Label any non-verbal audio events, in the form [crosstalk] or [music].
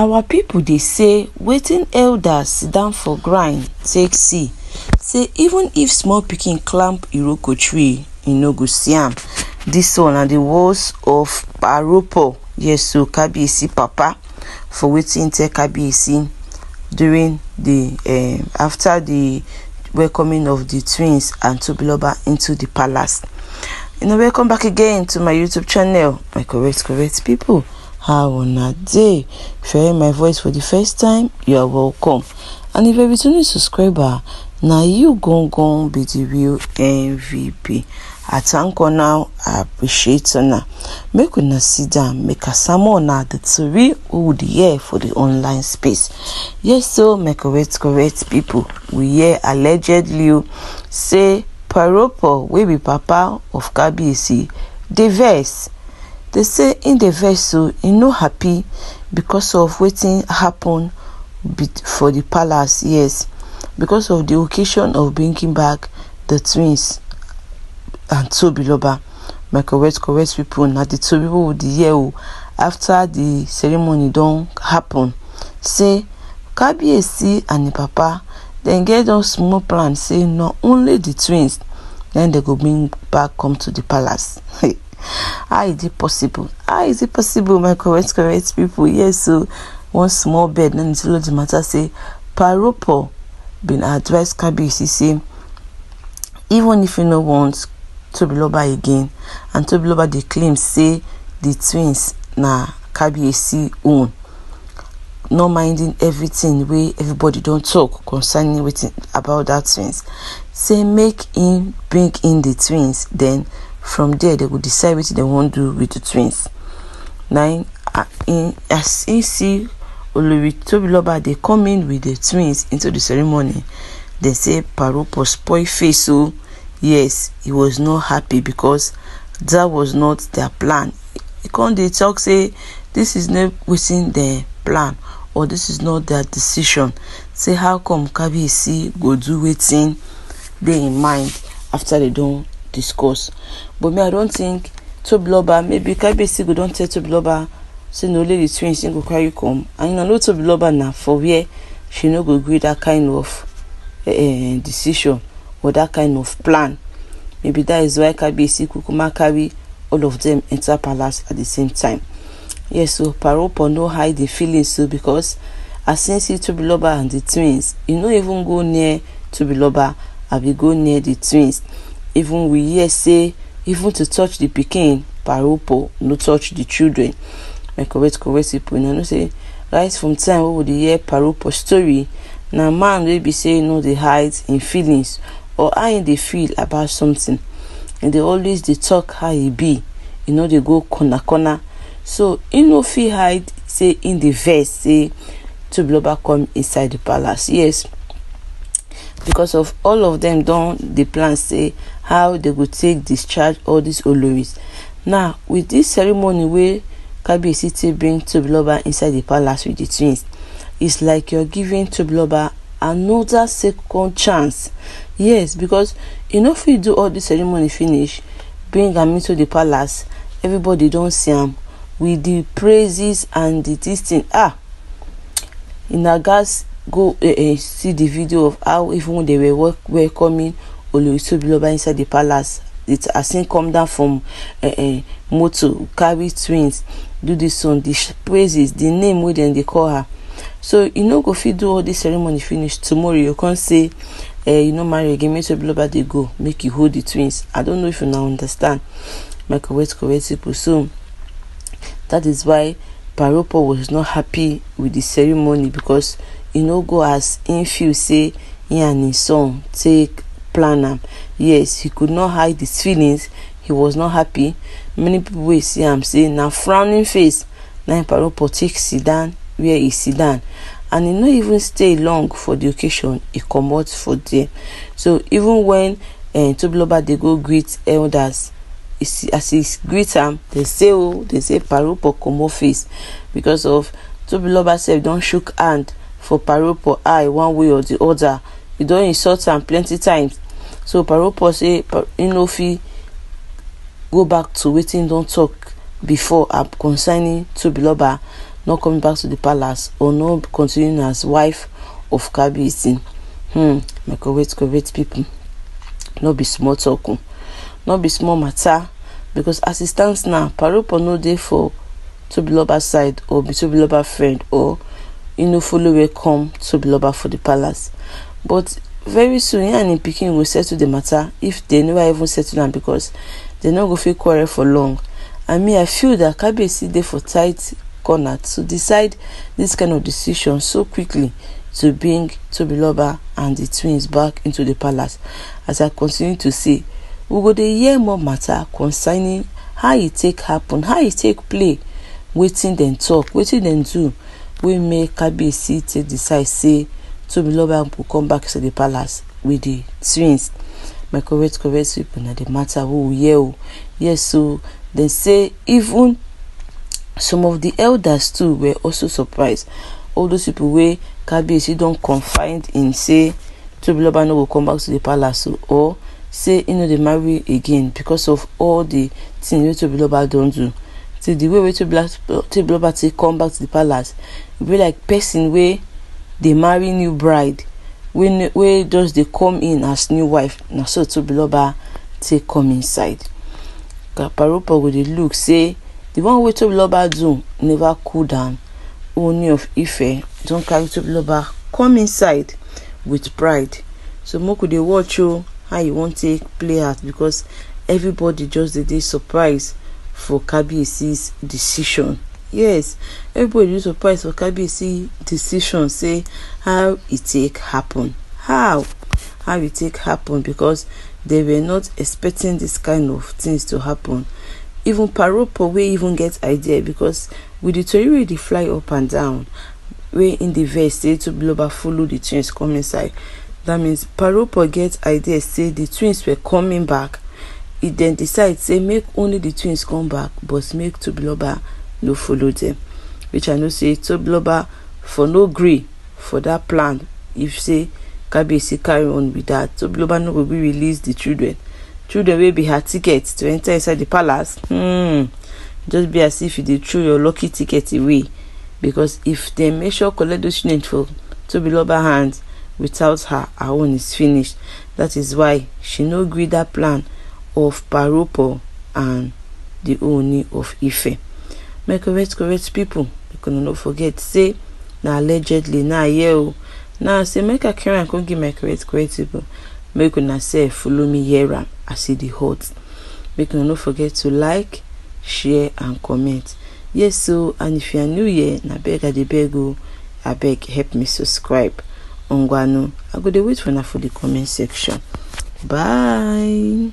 our people dey say wetin elders siddon for ground take see say even if small pikin climb iroko tree e no go see am dis one na di words of paropo yeso kabiyesi papa for wetin tell kabiyesi during the um, after the welcoming of the twins and tobiloba into the palace you know welcome back again to my youtube channel my correct correct people How on day? If you hear my voice for the first time, you are welcome. And if you're a returning subscriber, now you gon' gon' be the real MVP. I now, I appreciate you now. Make una sit down, make a sermon now the three who the year for the online space. Yes, so my correct, correct people. We hear allegedly say Paropo will be papa of Kabisi. The verse. They say in the vessel he no happy because of wetin happen for the palace yes, because of the occasion of bringing back the twins and Tobiloba. My correct correct people na the tori wey we dey hear o after the ceremony don happen say Kabiyesi and im papa dem get one small plan say na only the twins na im go bring back come to the palace. [laughs] How is it possible? How is it possible, my correct, correct people? Yes, so one small bed, then it's the matter say, Paropo been advised KBCC, even if you no want Tobiloba again, and Tobiloba dey claim say the twins na KBC own. No minding everything wey everybody don talk concerning wetin about that twins say make him bring in the twins then. From there, they will decide what they want to do with the twins. Now, uh, in, as in see Olori Tobiloba, they come in with the twins into the ceremony. They say Paropo spoil face. So, oh. yes, he was not happy because that was not their plan. He come they talk say this is not within their plan or this is not their decision. Say how come Kabiyesi go do waiting? dey in mind after they don't discuss but me i don think tobiloba maybe kabiyesi go don tell tobiloba say na only the twins im go carry come and una know tobiloba na for where she no go gree that kind of uh, decision or that kind of plan maybe that is why kabiyesi kukuma carry all of them enter palace at the same time yes so paropo no hide the feelings too because as im see tobiloba and the twins e no even go near tobiloba abi go near the twins even we hear say even to touch the pikin parupo, no touch the children my eh, correct correct people una know say right from time wey we dey hear parupo story na man wey be say e no dey hide im feelings or how e dey feel about something e dey always dey talk how e be e no dey go corner corner so e no fit hide say e dey vex say tobiloba come inside the palace yes because of all of them don dey plan say how they go take discharge all these oloris now with this ceremony where kabiyesi take bring tobiloba inside the palace with the twins it's like you're giving tobiloba another second chance yes because you no know, fit do all the ceremony finish bring them into the palace everybody don't see am with the praises and the this thing ah una guys go uh, uh, see the video of how even when they were welcoming Olutobiloba inside the palace. It has seen come down from uh, eh, uh, eh, moto carry twins do this song the praises the name wey dem they call her so you no go fit do all this ceremony finish tomorrow you can't say uh, you know marry again make Tobiloba they go make you hold the twins i don't know if you now understand my correct correct people so that is why Paropo was not happy with the ceremony because e no go as im feel say im and im son take Plan am yes he could not hide his feelings he was not happy many people wey see am say na frowning face na im paropo take sit where e sit and he no even stay long for the occasion e comot for there so even wen um, eh, tobiloba dey go greet elders as e greet am dem say oh dem say paropo comot face because of tobiloba sef don shook hand for paropo eye one way or the other you don insult am plenty times so paropo say e no fit go back to wetin don talk before concerning tobiloba not coming back to the palace or no continuing as wife of kabiyesi hmm my correct correct people, no be small talk, o oh. no be small matter, because as e stand now paropo no dey for tobiloba side or be tobiloba friend or e no follow wey come tobiloba for the palace but very soon him and him pikin go settle the matter if they never even settle am because they no go fit quarrel for long and me i feel that kabiyesi dey for tight corner to decide this kind of decision so quickly to bring tobiloba and the twins back into the palace as i continue to say we go dey hear more matter concerning how e take happen how e take play wetin dem talk wetin dem do wey make kabiyesi take decide say so beloved will come back to the palace with the twins my correct correct people na the matter who we hear o oh. yes so dem say even some of the elders too were also surprised all those people wey kabiyesi don't confide in say tobiloba no will come back to the palace o or say he no dey marry again because of all the things that tobiloba don't do till the way wey tobiloba take come back to the palace e be like person wey dey marry new bride wey just dey come in as new wife na so tobiloba take come inside kaparopo go dey look say the one wey tobiloba do never cool down ooni of ife don carry tobiloba come inside with pride so make we dey watch o how e wan take play out because everybody just dey dey surprised for kabiyesi's decision yes everybody dey surprised for kabiyesi decision say how e take happen how how e take happen because they were not expecting this kind of things to happen even paropo wey even get idea because with the tori wey dey fly up and down wey in the verse say Blubber follow the twins come inside that means paropo get idea say the twins were coming back e then decide say make only the twins come back but make to Blubber no follow them, which i know say tobloba for no gree for that plan if say kabiyesi carry on with that, dat tobloba no will gree release the children children wey be her ticket to enter inside the palace hmm, just be as if you threw your lucky ticket away because if they make sure collect those children for tobiloba hand without her her own is finished that is why she no gree that plan of paropo and the Ooni of Ife my correct correct pipo una no forget say na allegedly na here o na say make i carry am come give my correct correct people. make una sef follow me hear am as e dey hot make una no forget to like share and comment yes o and if you are new here na beg i dey beg o oh, abeg help me subscribe ngwanu i go dey wait for una for the comment section bye